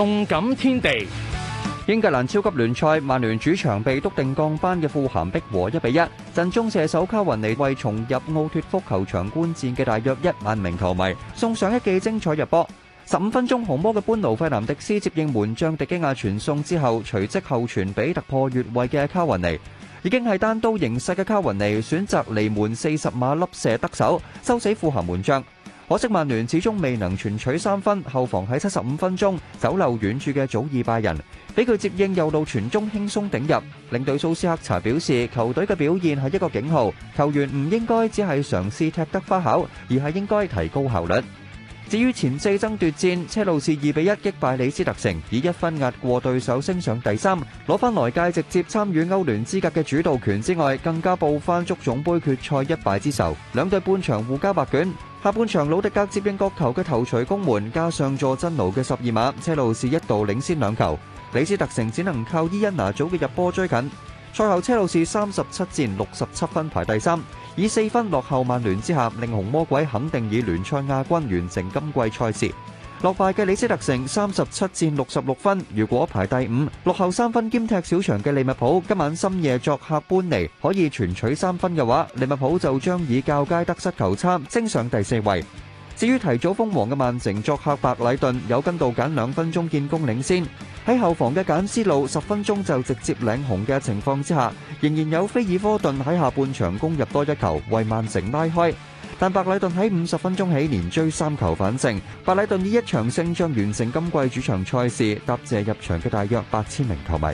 動感天地，英格蘭超級聯賽，曼聯主場被篤定降班嘅富咸逼和一比一。陣中射手卡雲尼為重入奧脫福球場觀戰嘅大約一萬名球迷送上一記精彩入波。十五分鐘，紅魔嘅班奴費南迪斯接應門將迪基亞傳送之後，隨即後傳俾突破越位嘅卡雲尼。已經係單刀形勢嘅卡雲尼選擇離門四十碼笠射得手，收死富咸門將。可惜，曼聯始終未能全取三分，後防喺七十五分鐘走漏遠柱嘅祖爾拜仁，俾佢接應右路傳中，輕鬆頂入。領隊蘇斯克查表示，球隊嘅表現係一個警號，球員唔應該只係嘗試踢得花巧，而係應該提高效率。至於前四爭奪戰，車路士二比一擊敗李斯特城，以一分壓過對手，升上第三，攞翻來屆直接參與歐聯資格嘅主導權之外，更加報翻足總杯決賽一敗之仇，兩隊半場互交白卷。下半場，魯迪格接應角球嘅頭槌攻門，加上佐真奴嘅十二碼，車路士一度領先兩球。李斯特城只能靠伊恩拿祖嘅入波追近。賽後車路士三十七戰六十七分排第三，以四分落後曼聯之下，令紅魔鬼肯定以聯賽亞軍完成今季賽事。落敗嘅李斯特城三十七戰六十六分，如果排第五，落後三分兼踢小場嘅利物浦今晚深夜作客般尼，可以全取三分嘅話，利物浦就將以較佳得失球差升上第四位。至於提早封王嘅曼城作客白禮頓有跟到揀兩分鐘建功領先，喺後防嘅簡斯路十分鐘就直接領紅嘅情況之下，仍然有菲爾科頓喺下半場攻入多一球，為曼城拉開。但白禮頓喺五十分鐘起連追三球反勝，白禮頓以一場勝仗完成今季主場賽事，答謝入場嘅大約八千名球迷。